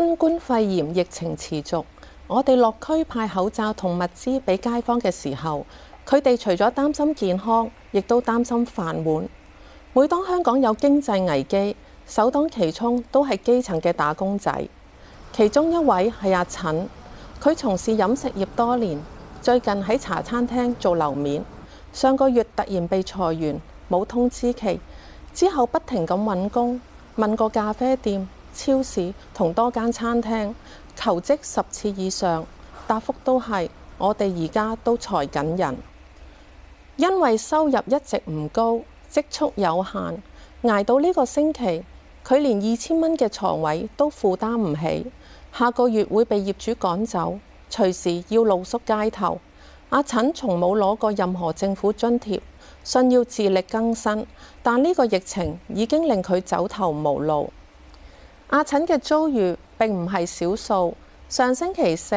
新冠肺炎疫情持續，我哋落區派口罩同物資俾街坊嘅時候，佢哋除咗擔心健康，亦都擔心飯碗。每當香港有經濟危機，首當其衝都係基層嘅打工仔。其中一位係阿陳，佢從事飲食業多年，最近喺茶餐廳做樓面，上個月突然被裁員，冇通知期，之後不停咁揾工，問過咖啡店。超市同多間餐廳求職十次以上，答覆都係我哋而家都裁緊人。因為收入一直唔高，積蓄有限，挨到呢個星期，佢連二千蚊嘅床位都負擔唔起，下個月會被業主趕走，隨時要露宿街頭。阿陳從冇攞過任何政府津貼，信要自力更生，但呢個疫情已經令佢走投無路。阿陳嘅遭遇並唔係少數。上星期四，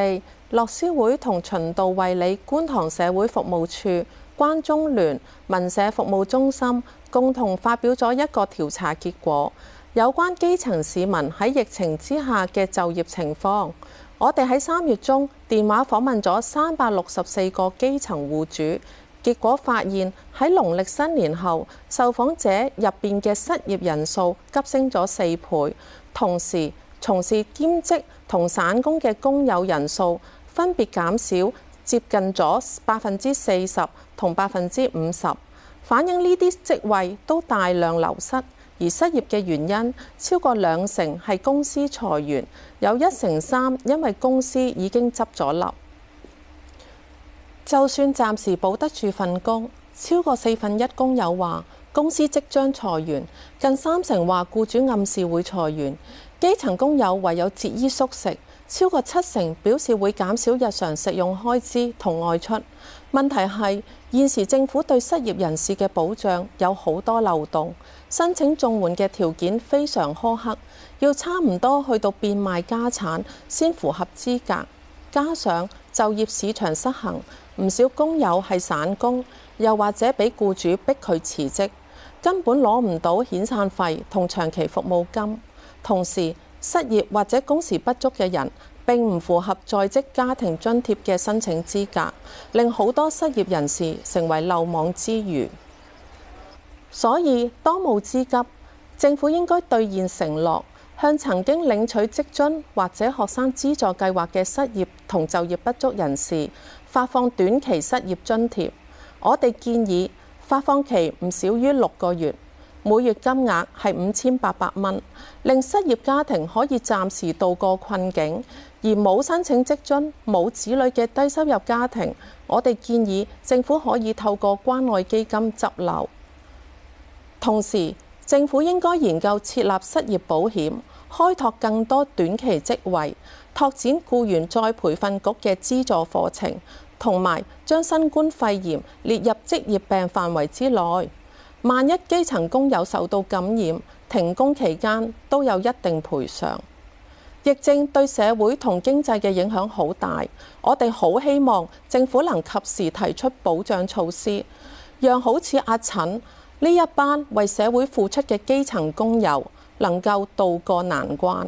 樂施會同循道衛理觀塘社會服務處、關中聯民社服務中心共同發表咗一個調查結果，有關基層市民喺疫情之下嘅就業情況。我哋喺三月中電話訪問咗三百六十四個基層戶主。結果發現喺農曆新年後，受訪者入面嘅失業人數急升咗四倍，同時從事兼職同散工嘅工友人數分別減少接近咗百分之四十同百分之五十，反映呢啲職位都大量流失。而失業嘅原因超過兩成係公司裁員，有一成三因為公司已經執咗笠。就算暫時保得住份工，超過四分一工友話公司即將裁員，近三成話僱主暗示會裁員，基層工友唯有節衣縮食，超過七成表示會減少日常食用開支同外出。問題係現時政府對失業人士嘅保障有好多漏洞，申請綜援嘅條件非常苛刻，要差唔多去到變賣家產先符合資格。加上就業市場失衡，唔少工友係散工，又或者俾僱主逼佢辭職，根本攞唔到遣散費同長期服務金。同時，失業或者工時不足嘅人並唔符合在職家庭津貼嘅申請資格，令好多失業人士成為漏網之魚。所以，當務之急，政府應該兌現承諾。向曾經領取職津或者學生資助計劃嘅失業同就業不足人士發放短期失業津貼，我哋建議發放期唔少於六個月，每月金額係五千八百蚊，令失業家庭可以暫時度過困境。而冇申請職津、冇子女嘅低收入家庭，我哋建議政府可以透過關愛基金執留。同時，政府應該研究設立失業保險。開拓更多短期職位，拓展僱員再培訓局嘅資助課程，同埋將新冠肺炎列入職業病範圍之內。萬一基層工友受到感染，停工期間都有一定賠償。疫症對社會同經濟嘅影響好大，我哋好希望政府能及時提出保障措施，讓好似阿陳呢一班為社會付出嘅基層工友，能夠渡過難關。